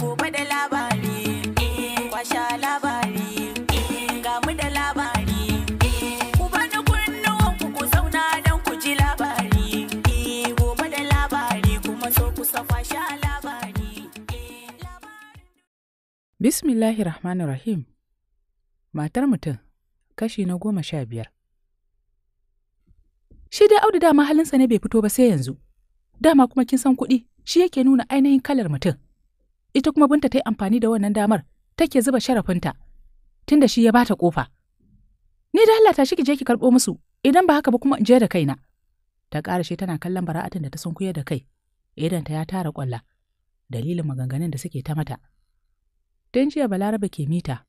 gobe da labari eh, kwasha labari eh, ga mu da labari eh, ku bani kunnuwan ku ku zauna don ku ji labari gobe da labari kuma so ku kwasha labari bismillahir rahmanir rahim matar mutum kashi na goma sha biyar shi dai audu dama halinsa ne bai fito ba sai yanzu dama kuma kin san kuɗi shi yake nuna ainihin kalar mutum ita kuma binta ta yi amfani da wannan damar take zuba sharafinta tunda shi ya bata kofa ni da Allah ta shi ki je ki karɓo musu idan ba haka ba kuma in je da kaina ta shi tana kallon bara'atin da ta sunkuya da kai ta ya tara ƙwalla dalilin maganganun da suke ta mata tun jiya balarabe ke mita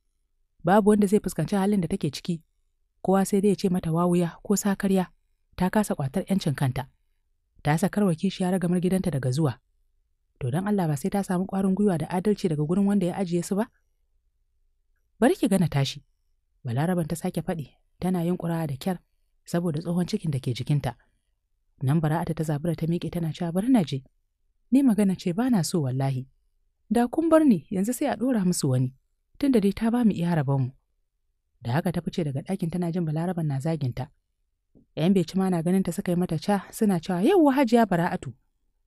babu wanda zai fuskanci halin da take ciki kowa sai dai ya ce mata wawuya ko sakarya ta kasa kwatar 'yancin kanta ta sakar sakarwa kishiya ragamar gidanta daga zuwa to don Allah ba sai ta samu ƙwarin gwiwa da adalci daga gurin wanda ya ajiye su ba? Bari ki gana tashi, Balaraban ta sake faɗi tana yin ƙura da kyar saboda tsohon cikin da ke jikinta. Nan bara'ata ta zabura ta miƙe tana cewa bari na je. Ni magana ce ba na so wallahi. Da kun bar ni yanzu sai a ɗora musu wani, tunda dai ta ba mu iya rabonmu. Da haka ta fice daga ɗakin tana jin balaraban na zaginta. ‘Yan beci ma na ganin ta suka yi mata ca suna cewa Yau, hajiya bara'atu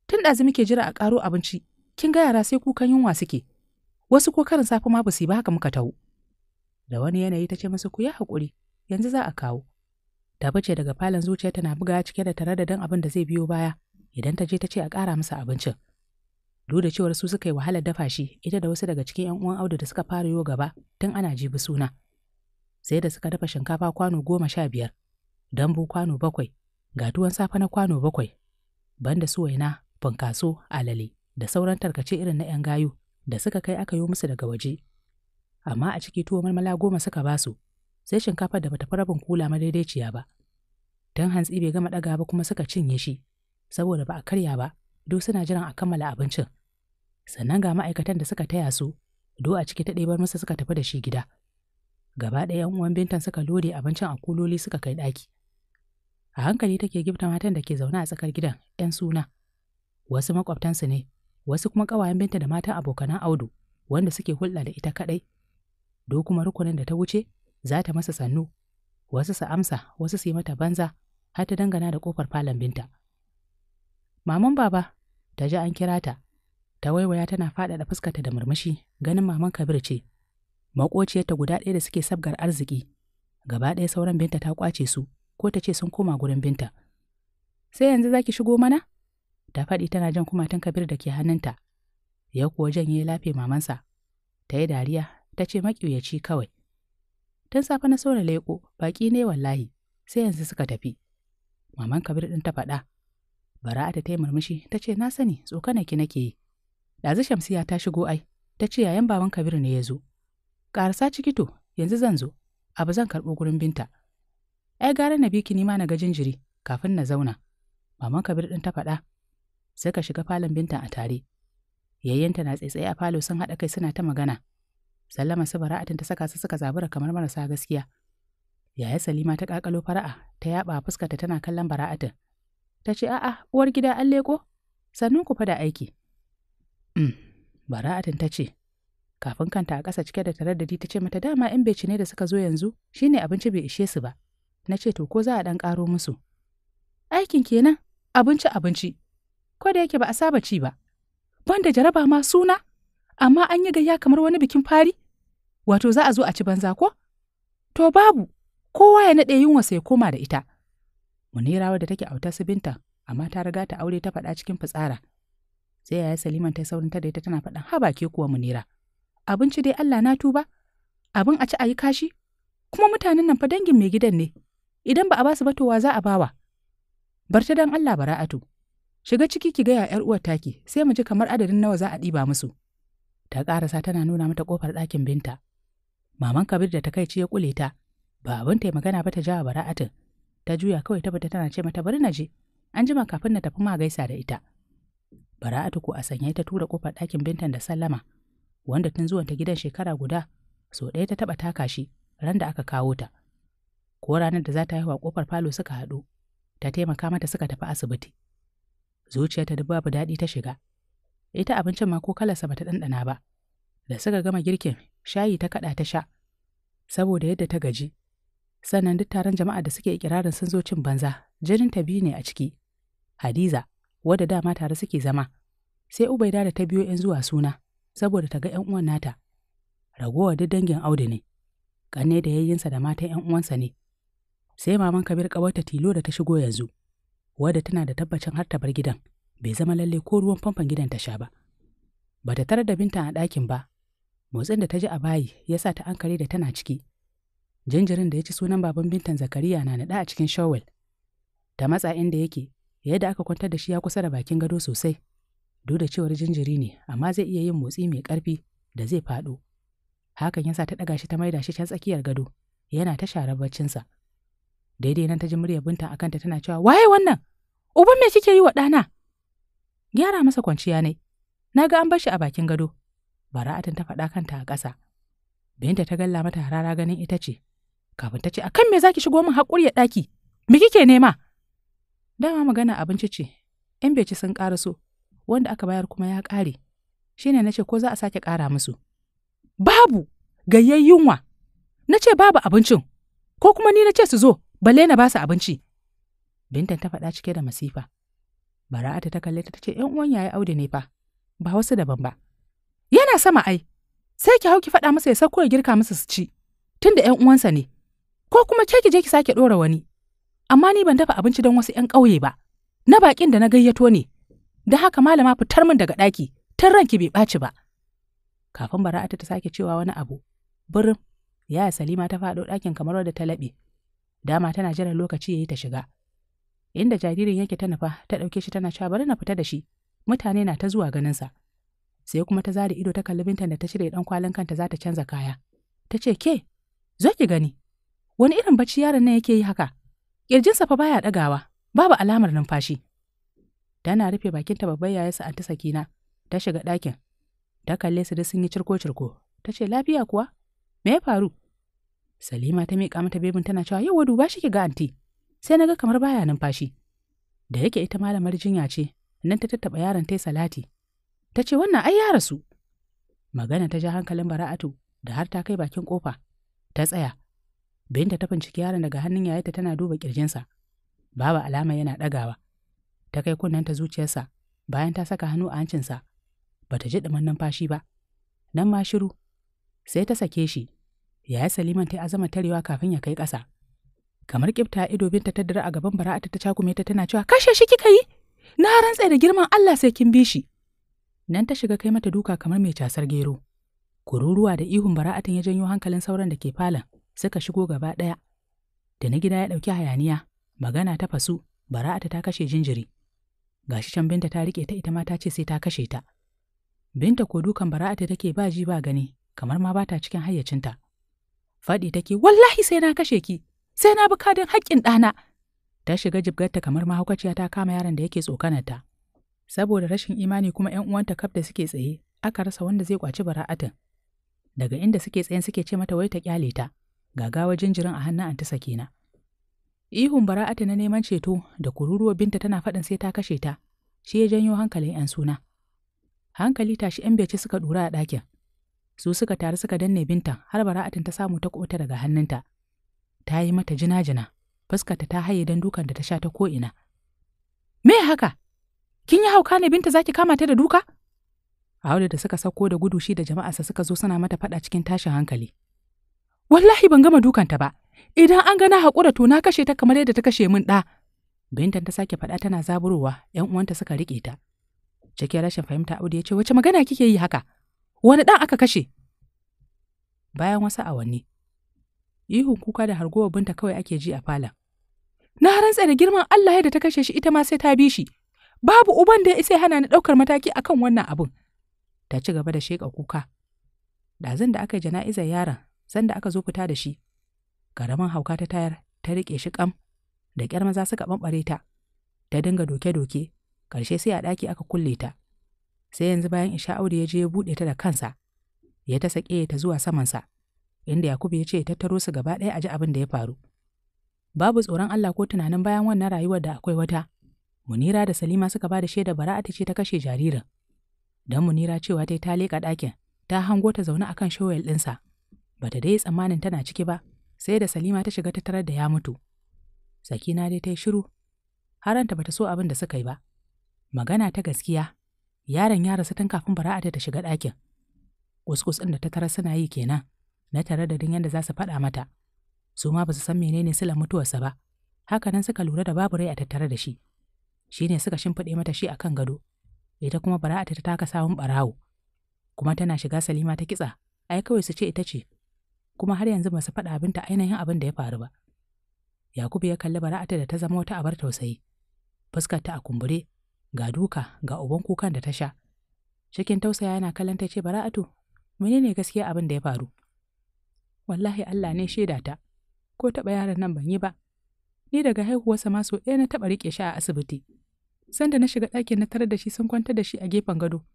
Tun ɗazu muke jira a ƙaro abinci, kin ga yara sai kukan yunwa suke. Wasu ko karin safe ma ba su yi ba haka muka ta'u. Da wani yanayi ta ce masa ku yi haƙuri, yanzu za a kawo. Ta bace daga falon zuciya tana buga cike da tare da dan abin da zai biyo baya idan ta je ta ce a ƙara masa abincin. Duk da cewar su suka yi wahalar dafa shi, ita da wasu daga cikin 'yan uwan Audu da suka fara yo gaba tun ana jibi suna. Sai da suka dafa shinkafa kwano goma sha biyar, dambu kwano bakwai, ga tuwon safe na kwano bakwai, banda su waina funkaso alale da sauran tarkace irin na 'yan gayu da suka kai aka yi musu daga waje amma a ciki tuwo malmala goma suka basu sai shinkafar da bata fi rabin kula madaidaiciya ba dan hantsi bai gama ɗaga ba kuma suka cinye shi saboda ba a karya ba duk suna jiran a kammala abincin sannan ga ma'aikatan da suka taya su do a ciki ta ɗebar masa suka tafi da shi gida gaba ɗaya 'yan uwan bintan suka lode abincin a kuloli suka kai ɗaki a hankali take gifta matan da ke zaune a tsakar gidan 'yan suna wasu makwabtansu ne, wasu kuma ƙawayen binta da matan abokanan Audu, wanda suke hulɗa da ita kaɗai. Do kuma rukunin da ta wuce, za ta masa sannu, wasu su amsa, wasu su yi mata banza, har ta dangana da ƙofar falon binta. Maman baba, ta ji an kira ta, ta waiwaya tana faɗaɗa fuskarta da murmushi, ganin maman Kabir ce, maƙociyarta guda ɗaya da suke sabgar arziki, gaba ɗaya sauran binta ta kwace su, ko ta ce sun koma gurin binta. Sai yanzu zaki shigo mana? da faɗi tana jan kumatun kabir da ke hannunta ya kuwa Jan yi lafe mamansa ta yi dariya ta ce maƙiyaci kawai tun safe na saura leƙo baƙi ne wallahi sai yanzu suka tafi maman kabir ɗin ta faɗa bara'ata ta yi murmushi ta ce na sani tsokanaki nake yi ɗazu shamsiya ta shigo ai ta ce yayan baban kabir ne ya zo ƙarasa ciki to yanzu zan zo abu zan karɓo gurin binta ai gara na biki ma na ga jinjiri kafin na zauna maman kabir ɗin ta faɗa sai ka shiga falon bintan a tare. Yayyanta na tsaitsaye a falo sun haɗa kai suna ta magana. Sallama su bara'atin ta saka su suka zabura kamar marasa gaskiya. Yaya Salima ta ƙaƙalo fara'a ta yaɓa fuskarta tana kallon bara'atin. Ta ce, A'a, uwar gida an leƙo, sannan ku fa da aiki. Mm, bara'atin ta ce, kafin kanta a ƙasa cike da taraddadi ta ce mata dama ‘yan beci ne da suka zo yanzu shi ne abinci bai ishe su ba. Na ce to ko za a ɗan ƙaro musu. Aikin kenan, abinci abinci, ko da yake ba a saba ci ba. Banda jaraba ma suna, amma an yi gayya kamar wani bikin fari, wato za a zo a ci banza ko? To babu, kowa ya naɗe yunwa ya koma da ita. Munirawa da take auta su binta, amma ta riga ta aure ta faɗa cikin fitsara. Sai yaya Saliman ta saurin ta da ita tana faɗan haba ke kuwa Munira. Abinci dai Allah na tuba, abin a ci a yi kashi, kuma mutanen nan fa dangin mai gidan ne, idan ba a basu ba to wa za a bawa. Bar ta dan Allah bara'atu. Shiga ciki ki gaya ‘yar uwar taki, sai mu ji kamar adadin nawa za a ɗiba musu. Ta ƙarasa tana nuna mata ƙofar ɗakin binta. Maman Kabir da ta kai ya kule ta, ba abin ta magana ba ta jawa bara'atin. Ta juya kawai ta fita tana ce mata bari na je, an jima kafin na tafi ma gaisa da ita. Bara'atu ko a sanya ta tura ƙofar ɗakin bintan da sallama, wanda tun zuwan ta gidan shekara guda, so ɗaya ta taɓa taka shi ran da aka kawo ta. Ko ranar da za ta haihuwa ƙofar falo suka haɗu, ta taimaka mata suka tafi asibiti. zuciyarta duk babu daɗi ta shiga ita abincin ma ko kalarsa bata ɗanɗana ba da suka gama girkin shayi ta kaɗa ta sha saboda yadda ta gaji sannan duk taron jama'a da suke ikirarin sun zo cin banza jinin ta biyu ne a ciki hadiza wadda dama tare suke zama sai ubaida da ta biyo yan zuwa suna saboda ta ga yan uwan nata ragowa duk dangin audu ne ƙanne da yayyinsa da matan yan uwansa ne sai maman kabir ƙawarta tilo da ta shigo yanzu wadda tana da tabbacin har ta gidan bai zama lalle ko ruwan famfon gidan ta sha ba ba ta tarar da binta a ɗakin ba motsin da ta ji a bayi ya sa ta ankare da tana ciki jinjirin da ya ci sunan baban bintan zakariya na naɗa a cikin shawel ta matsa inda yake yadda aka kwantar da shi ya kusa da bakin gado sosai duk da cewar jinjiri ne amma zai iya yin motsi mai ƙarfi da zai faɗo hakan ya sa ta ɗaga shi ta maida shi can tsakiyar gado yana ta share baccinsa daidai nan ta ji murya binta a kanta tana cewa waye wannan uban me kike yi wa ɗana gyara masa kwanciya ne na ga an bar shi a bakin gado bara'atin ta faɗa kanta a ƙasa binta ta galla mata harara ganin ita ce kafin ta ce a kan me zaki shigo min haƙuri ya ɗaki me kike nema dama magana abinci ce yan bai ci sun so wanda aka bayar kuma ya ƙare shine na ce ko za a sake ƙara musu babu gayyayyunwa na ce babu abincin ko kuma ni na ce su zo balle na ba su abinci bintan ta faɗa cike da masifa bara'ata ta kalle ta ce yan uwan yayi audu ne fa ba wasu daban ba yana sama ai sai ki hau ki faɗa masa ya sako ya girka masa su ci tunda yan uwansa ne ko kuma ke ki je ki sake ɗora wani amma ni ban dafa abinci don wasu yan ƙauye ba na baƙin da na gayyato ne da haka malama fitar min daga ɗaki tun ranki bai ɓaci ba kafin bara'ata ta sake cewa wani abu birin yaya salima ta faɗo ɗakin kamar wadda ta laɓe dama tana jiran lokaci ya yi ta shiga inda jaririn yake ta nufa ta ɗauke shi tana cewa bari na fita da shi mutane na ta zuwa ganinsa sai kuma ta zare ido ta kalli bintan da ta shirya ɗan kwalin kanta za ta canza kaya ta ce ke zo ki gani wani irin bacci yaron nan yake yi haka ƙirjinsa fa baya ɗagawa babu alamar numfashi tana rufe bakinta babban yayarsa anti sakina ta shiga ɗakin ta kalle su da sun yi cirko-cirko ta ce lafiya kuwa me ya faru Salima ta miƙa mata bebin tana cewa yau duba shi ki ga anti. Sai na ga kamar baya numfashi. Da yake ita malamar jinya ce, nan ta tattaɓa yaron ta yi salati. Ta ce wannan ai ya rasu. Magana ta ja hankalin bara'atu da har ta kai bakin kofa. Ta tsaya. Binta ta binciki yaron daga hannun yayata tana duba ƙirjinsa. Babu alama yana ɗagawa. Ta kai kunnenta zuciyarsa bayan ta saka hannu a hancinsa. Bata ji nan numfashi ba. Nan ma shiru. Sai ta sake shi ya yaya Saliman ta azama tarewa kafin ya kai ƙasa. Kamar ƙibta ido binta ta dira a gaban bara'ata ta cakume ta tana cewa kashe shi kika yi? Na rantsa da girman Allah sai kin bi shi. Nan ta shiga kai mata duka kamar mai casar gero. Kururuwa da ihun bara'atan ya janyo hankalin sauran da ke falon suka shigo gaba ɗaya. Da na gida ya ɗauki hayaniya, magana ta fasu, bara'ata ta kashe jinjiri. Gashi can binta ta riƙe ta ita ma ta ce sai ta kashe ta. Binta ko dukan bara'ata take ba ji ba gani, kamar ma ba ta cikin hayyacinta. Faɗi take, wallahi sai na kashe ki, sai na bi kadin haƙƙin ɗana. Ta shiga jibgarta kamar mahaukaciya ta kama yaron da yake tsokanarta. Saboda rashin imani kuma ‘yan uwanta kaf da suke tsaye, aka rasa wanda zai kwaci bara'atin. Daga inda suke tsayen suke ce mata wai ta kyale ta, gagawa jinjirin a hannun anti na. Ihun bara'atu na neman ceto da kururuwa binta tana faɗin sai ta kashe ta, shi ya janyo hankalin ‘yan suna. Hankali tashi ‘yan bece suka ɗura a ɗakin, su suka taru suka danne binta har bara'atin ta samu ta kota daga hannunta ta yi mata jina-jina fuskarta ta haye don dukan da ta sha ta ko'ina me haka kin yi hauka ne binta zaki kama ta da duka Audu da suka sauko da gudu shi da jama'arsa suka zo suna mata faɗa cikin tashin hankali wallahi ban gama dukanta ba idan an gana haƙura to na kashe ta kamar yadda ta kashe min ɗa binta ta sake faɗa tana zaburowa ‘yan uwanta suka riƙe ta cikin rashin fahimta Audu ya ce wace magana kike yi haka wani ɗan aka kashe bayan wasu awanni ihun kuka da hargowar binta kawai ake ji a falon na rantse da girman Allah da ta kashe shi ita ma sai ta bi shi babu uban da ya isa hana ni ɗaukar mataki akan wannan abun. ta ci gaba da sheƙa kuka ɗazin da aka yi jana'izar yaron sanda aka zo fita da shi ƙaramin hauka ta tayar ta riƙe shi ƙam da ƙyar maza suka ɓamɓare ta ta dinga doke-doke ƙarshe sai a ɗaki aka kulle ta sai yanzu bayan isha Audu ya je ya buɗe ta da kansa, ya ta sake ta zuwa samansa, inda Yakubu ya ce ya tattaro su gaba ɗaya a ji abin da ya faru. Babu tsoron Allah ko tunanin bayan wannan rayuwar da akwai wata, Munira da Salima suka ba da shaida ta ce ta kashe jaririn. Don Munira cewa ta yi ta leƙa ɗakin, ta hango ta zaune akan shoyal ɗinsa, ba ta dai tsammanin tana ciki ba, sai da Salima ta shiga ta tarar da ya mutu. Sakina dai ta yi shiru, haranta bata so abin da suka yi ba. Magana ta gaskiya, yaron ya rasu tun kafin bara'ata ta shiga ɗakin kuskus ɗin da ta tara suna yi kenan na tare da din yadda za su faɗa mata su ma ba su san menene silar mutuwarsa ba haka nan suka lura da babu rai a tattare da shi shi ne suka shimfiɗe mata shi kan gado ita kuma bara'ata ta taka sawun ɓarawo kuma tana shiga salima ta kitsa ai kawai su ce ita ce kuma har yanzu ba su faɗa abinta ainihin abin da ya faru ba yakubu ya kalli bara'ata da ta zama wata abar tausayi fuskar a kumbure ga duka ga uban kukan da ta sha cikin tausaya yana kallon ta ce bara'atu menene gaskiya abin da ya faru wallahi Allah ne shaida ta ko taɓa yaron nan ban yi ba ni daga haihuwarsa ma so ɗaya na taɓa riƙe shi a asibiti sanda na shiga ɗakin na tarar da shi sun kwantar da shi a gefen gado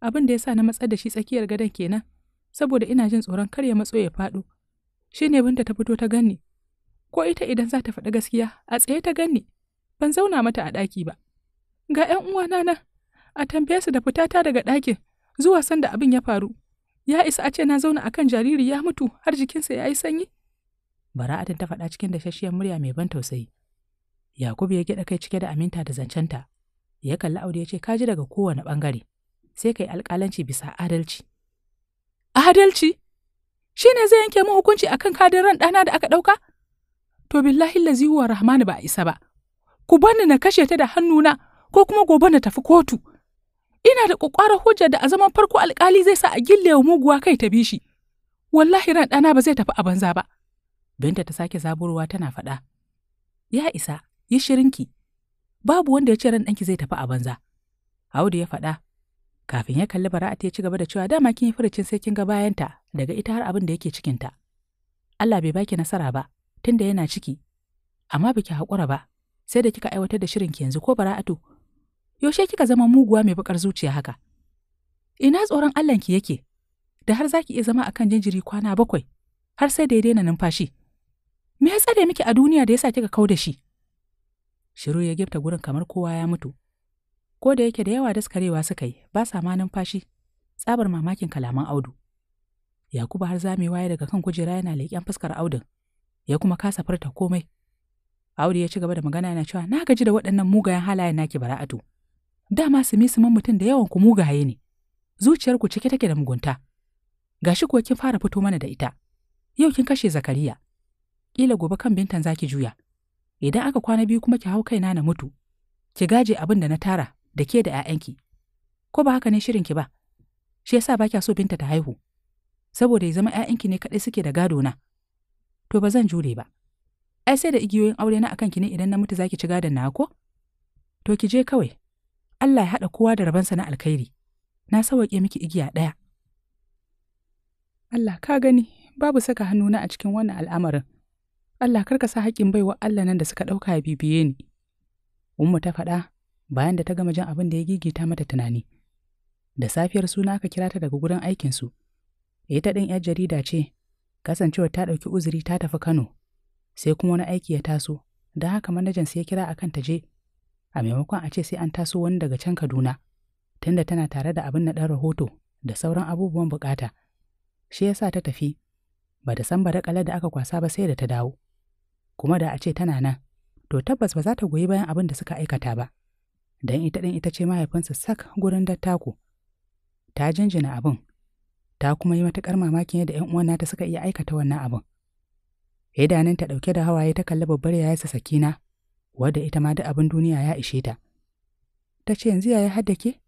abin da ya sa na matsar da shi tsakiyar gadon kenan saboda ina jin tsoron kar ya matso ya faɗo shi ne binta ta fito ta ganni ko ita idan za ta faɗi gaskiya a tsaye ta ganni ban zauna mata a ɗaki ba Ga ‘yan uwana na, a tambaye su da ta daga ɗakin zuwa sanda abin ya faru. Ya isa a ce na zauna akan jariri ya mutu har jikinsa ya yi sanyi? Bara'atan ta faɗa cikin shashiyar murya mai ban tausayi. Yakubu ya gida kai cike da aminta da zancenta. Ya kalli Audu ya ce ka ji daga kowane ɓangare. Sai ka yi alƙalanci bisa adalci. Adalci? Shi ne zai yanke mu hukunci akan kadin ran ɗana da aka ɗauka? To billahi lazihuwa Rahmanu ba a isa ba. Ku bani na kashe ta da hannuna ko kuma gobe na tafi kotu ina da ƙwaƙwarar hujja da a zaman farko alƙali zai sa a gille wa muguwa kai ta bi shi wallahi ran ɗana ba zai tafi a banza ba binta ta sake zaburowa tana faɗa ya isa yi shirin ki. babu wanda ya ce ran ɗanki zai tafi a banza Audu ya faɗa kafin ya kalli bara'a ta ci gaba da cewa dama kin yi furucin sai kin ga bayanta daga ita har abin da yake cikinta Allah bai baki nasara ba tunda yana ciki amma baki haƙura ba sai da kika aiwatar da shirin ki yanzu ko bara'atu yaushe kika zama muguwa mai bakar zuciya haka ina tsoron Allahnki yake da har zaki iya zama akan jinjiri kwana bakwai har sai da ya daina numfashi me ya tsare miki a duniya da ya sa kika kau da shi shiru ya gefta gurin kamar kowa ya mutu ko da yake da yawa daskarewa suka yi ba sa ma numfashi tsabar mamakin kalaman audu yakubu har zamewa ya daga kan kujera yana leƙen fuskar audun ya kuma kasa furta komai audu ya ci gaba da magana yana cewa na gaji da waɗannan mugayen halayen naki bara'atu Dama su misiman mutum da yawan ku mugaye ne, zuciyarku cike take da mugunta. Gashi kuwa kin fara fito mana da ita, yau kin kashe Zakariya. Ƙila gobe kan bintan zaki juya, idan aka kwana biyu kuma ki hau kaina na mutu, ki gaje abin da na tara da ke da 'ya'yanki. Ko ba haka ne shirin ki ba, shi yasa ba kya so binta ta haihu, saboda ya zama 'ya'yanki ne kaɗai suke da gado na. To ba zan jure ba. ai sai da igiyoyin aure na akan ki ne idan na mutu zaki ci gadon na ko? To ki je kawai, Allah ya haɗa kowa da rabansa na alkhairi. Na sawaƙe miki igiya ɗaya. Allah ka gani babu saka hannuna a cikin wannan al'amarin. Allah kar ka sa haƙƙin baiwa Allah nan da suka ɗauka ya bibiye ni. Umu ta faɗa bayan da ta gama jan abin da ya gigita mata tunani. Da safiyar suna aka kira ta daga gurin aikinsu. Ita ɗin 'yar jarida ce, kasancewar ta ɗauki uzuri ta tafi Kano. Sai kuma wani aiki ya taso, don haka manajansa ya kira akan ta je a maimakon a ce sai an taso wani daga can Kaduna, tunda tana tare da abin na ɗan rahoto da sauran abubuwan bukata. Shi yasa ta tafi, ba da san kalar da aka kwasa ba sai da ta dawo. Kuma da a ce tana nan, to tabbas ba za ta goyi bayan abin da suka aikata ba. Dan ita ɗin ita ce mahaifinsa sak gurin dattako. Ta jinjina abin, ta kuma yi matuƙar mamakin yadda 'yan uwan nata suka iya aikata wannan abin. Idanunta ɗauke da hawaye ta kalli babbar yayarsa Sakina, wadda ita ma duk abin duniya ya ishe ta. Ta ce yanzu yaya hadda ke?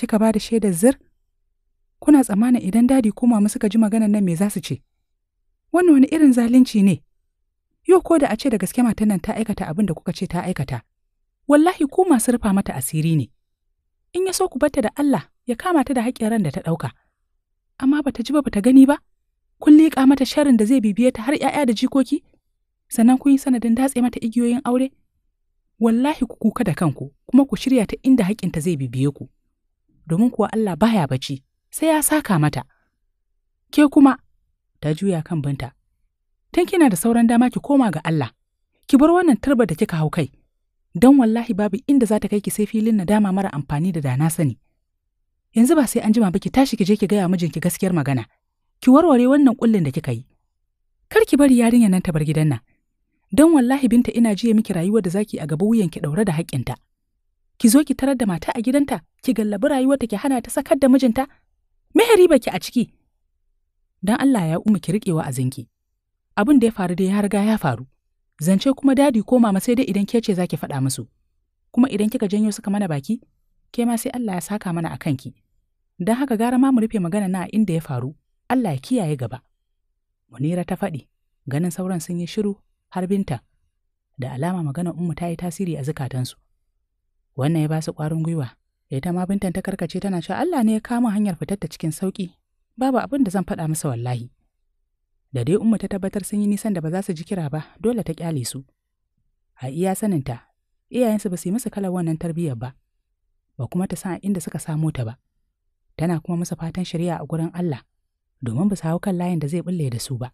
Kika ba da shaidar zir? Kuna tsammanin idan dadi ko mama suka ji maganar nan me za su ce? Wannan wani irin zalunci ne? Yau ko da a ce da gaske matan nan ta aikata abin da kuka ce ta aikata. Wallahi ku masu rufa mata asiri ne. In ya so ku batta da Allah ya kama ta da haƙƙin ran da ta ɗauka. Amma ba ta ji ba ta gani ba, kun liƙa mata sharin da zai bibiye ta har ‘ya'ya da jikoki, sannan kun yi sanadin datse mata igiyoyin aure, wallahi ku kuka da kanku kuma ku shirya ta inda haƙinta zai bibiye ku, domin kuwa Allah baya bacci sai ya saka mata. Ke kuma, ta juya kan binta, tun kina da sauran dama ki koma ga Allah, ki bar wannan tarbar da kika hau kai, don wallahi babu inda za ta kai ki sai filin nadama mara amfani da dana sani. Yanzu ba sai an jima ba ki tashi ki je ki gaya mijinki gaskiyar magana, ki warware wannan kullin da kika yi. Kar ki bari yarinyar nan ta bar gidan nan, don wallahi binta ina jiya miki rayuwar da zaki a gaba ki ɗaure da haƙƙinta. Ki zo ki tarar da mata a gidanta, ki gallabi ta ki hana ta sakar da mijinta, mehari baki a ciki. Don Allah ya umu ki riƙewa a zinki. Abin da ya faru dai ya riga ya faru. Zance kuma dadi ko mama sai dai idan ke ce zaki faɗa musu. Kuma idan kika janyo suka mana baki, ke ma sai Allah ya saka mana a ki dan haka gara ma mu rufe magana na inda ya faru, Allah ya kiyaye gaba. Munira ta faɗi, ganin sauran sun yi shiru har binta, da alama maganar Ummu ta yi tasiri a zukatansu. Wannan ya ba su ƙwarin gwiwa, ita ma bintan ta karkace tana cewa Allah ne ya kama hanyar fitar ta cikin sauƙi, babu abin da zan faɗa masa wallahi. Da dai Ummu ta tabbatar sun yi nisan da ba za su ji kira ba, dole ta kyale su. A iya saninta, iyayensu ba su yi musu kalar wannan tarbiyyar ba, ba kuma ta san inda suka samo ta ba. Tana kuma masa fatan shari'a a gurin Allah, domin ba su hau kan layin da zai bulle da su ba.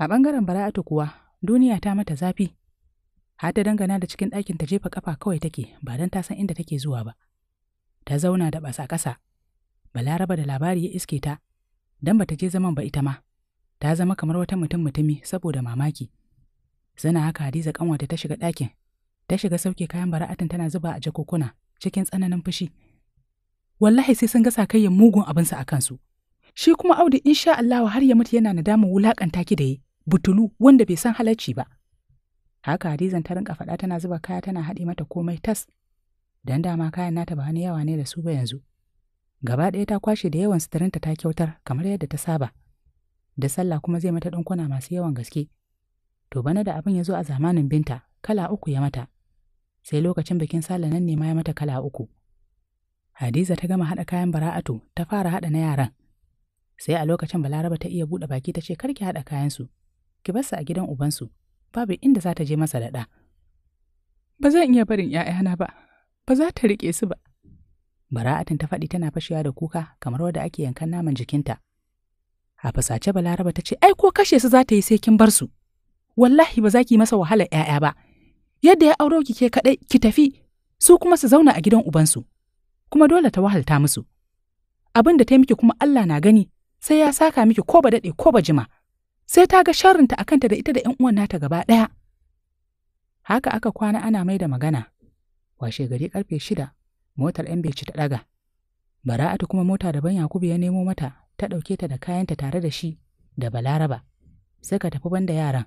A ɓangaren Bara'atu kuwa, duniya ta mata zafi. Har ta dangana da cikin ɗakin ta jefa ƙafa kawai take, ba don ta san inda take zuwa ba. Ta zauna da ɓasa ƙasa. Balaraba da labari ya iske ta, don ba ta je zaman ba ita ma. Ta zama kamar wata mutum mutumi saboda mamaki. zana haka Hadiza ƙanwata ta shiga ɗakin, ta shiga sauke kayan bara'atun tana zuba a jakokuna cikin tsananin fushi. Wallahi sai sun ga kaiyan mugun abinsa a kansu. Shi kuma Audu insha Allahu har ya mutu yana nadama wulaƙanta ki da yi. butulu wanda bai san halarci ba. Haka Hadizan ta rinka faɗa tana zuba kaya tana haɗe mata komai tas. Dan dama kayan nata ba wani yawa ne da su ba yanzu. Gaba ɗaya ta kwashe da yawan suturinta ta kyautar kamar yadda ta saba. Da sallah kuma zai mata ɗinkuna masu yawan gaske. To bana da abin ya zo a zamanin binta kala uku ya mata. Sai lokacin bikin sallah nan ne ma ya mata kala uku. Hadiza ta gama haɗa kayan bara'atu ta fara haɗa na yaran. Sai a lokacin Balaraba ta iya buɗe baki ta ce kar ki haɗa kayansu. ki bar a gidan ubansu, babu inda za ta je masa daɗa Ba zan iya barin ‘ya'yana ba, ba za ta riƙe su ba. Bara'atin ta faɗi tana fashewa da kuka kamar wadda ake yankan naman jikinta. A fasace Balaraba ta ce, ai ko kashe su za ta yi sai kin bar su. Wallahi ba za ki masa wahalar ‘ya'ya ba. Yadda ya auro ki ke kaɗai, ki tafi, su kuma su zauna a gidan ubansu. Kuma dole ta wahalta musu. Abin da ta yi miki kuma Allah na gani, sai ya saka miki ko ba daɗe ko ba jima. sai ta ga sharrinta a kanta da ita da ‘yan uwan nata gaba ɗaya. Haka aka kwana ana mai da magana, washe gari karfe shida, motar ‘yan beci ta ɗaga. Bara'atu kuma mota daban Yakubu ya nemo mata, ta ɗauke ta da kayanta tare da shi da Balaraba, Sai ka tafi banda yaran.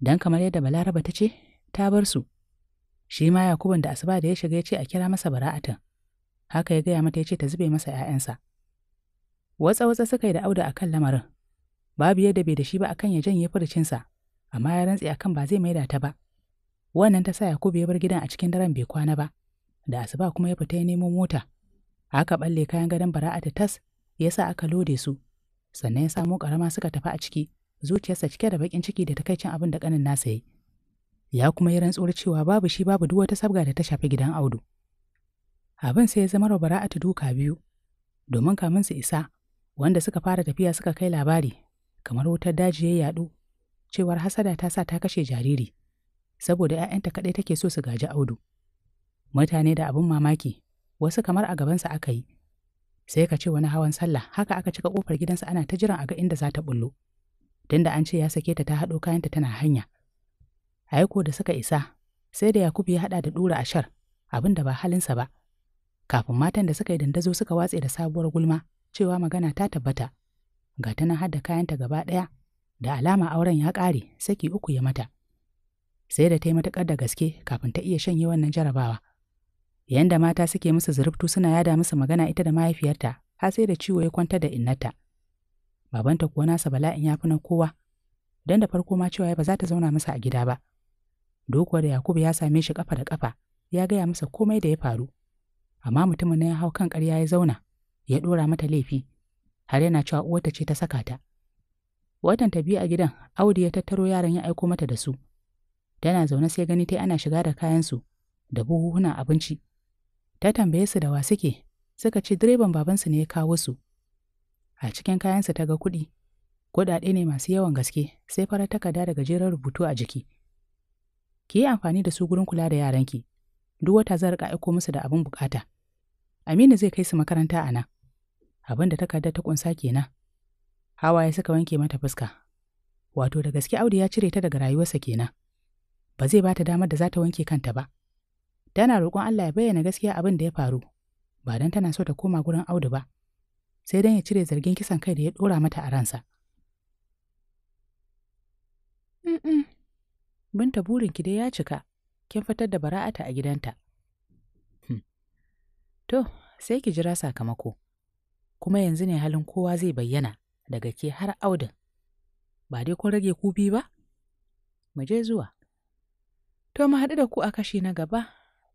Dan kamar yadda Balaraba ta ce, ta bar su. Shi ma Yakubun da Asuba da ya shiga ya ce a kira masa Bara'atun. Haka ya gaya mata ya ce ta zube masa ‘ya'yansa. Watsa-watsa suka yi da auda a kan lamarin, babu yadda bai da shi ba akan ya janye furucinsa, amma ya rantse akan ba zai maida ta ba. Wannan ta sa Yakubu ya bar gidan a cikin daren bai kwana ba, da asuba kuma ya fita ya nemo mota. Aka balle kayan gadon bara'a ta tas, ya sa aka lode su, sannan ya samo ƙarama suka tafi a ciki, zuciyarsa cike da baƙin ciki da takaicin abin da ƙanin nasa yi. Ya kuma yi rantsuwar cewa babu shi babu duk wata sabga da ta shafi gidan Audu. Abin sai ya zama bara'a ta duka biyu, domin kamin su isa, wanda suka fara tafiya suka kai labari kamar wutar daji ya yaɗu cewar hasada ta sa ta kashe jariri saboda 'ya'yanta kaɗai take so su gaji audu mutane da abin mamaki wasu kamar a gabansa aka yi sai ka ce wani hawan sallah haka aka cika ƙofar gidansa ana ta jiran a ga inda za ta bullo tunda an ce ya sake ta ta haɗo kayanta tana hanya aiko da suka isa sai da yakubu ya haɗa da ɗura ashar abin da ba halinsa ba kafin matan da suka yi dandazo suka watse da sabuwar gulma cewa magana ta tabbata ga ta nan da kayanta gaba ɗaya da alama auren ya ƙare saki uku ya mata sai da ta yi matuƙar da gaske kafin ta iya shanye wannan jarabawa yanda mata suke musu zurubtu suna yada musu magana ita da mahaifiyarta har sai da ciwo ya kwanta da innata babanta kuwa nasa bala'in ya fi na kowa don da farko ma cewa ba za ta zauna masa a gida ba dokuwa da yakubu ya same shi kafa da kafa ya gaya masa komai da ya faru amma mutumin na ya hau kan ƙarya ya zauna ya ɗora mata laifi har yana cewa uwarta ce ta saka ta. Watan ta biyu a gidan, Audu ya tattaro yaran ya aiko mata da su. Tana zaune sai gani tai ana shiga da kayansu da buhuhunan abinci. Ta tambaye su da wa suke, suka ce direban babansu ne ya kawo su. A cikin kayansu ta ga kuɗi, kuɗaɗe ne masu yawan gaske, sai farar takarda da gajeren rubutu a jiki. Ki yi amfani da su gurin kula da yaranki, duk wata zan rika aiko musu da abin bukata. Aminu zai kai su makaranta a nan. abin da takardar ta kunsa kenan hawaye suka wanke mata fuska wato da gaske audu ya cire ta daga rayuwarsa kenan ba zai ba ta damar da za ta wanke kanta ba tana roƙon Allah ya bayyana gaskiya abin da ya faru ba don tana so ta koma gurin audu ba sai don ya cire zargin kisan kai da ya ɗora mata a ransa binta burin ki dai ya cika kin fitar da bara'ata a gidanta hmm. to sai ki jira sakamako kuma yanzu ne halin kowa zai bayyana daga ke har audin. Ba dai kun rage ku ba? Mu je zuwa. To mu haɗu da ku a kashi na gaba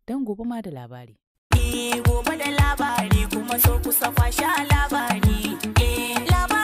don gobe ma da labari. Eh gobe da labari kuma so kusa kwashe labari. Eh, labari.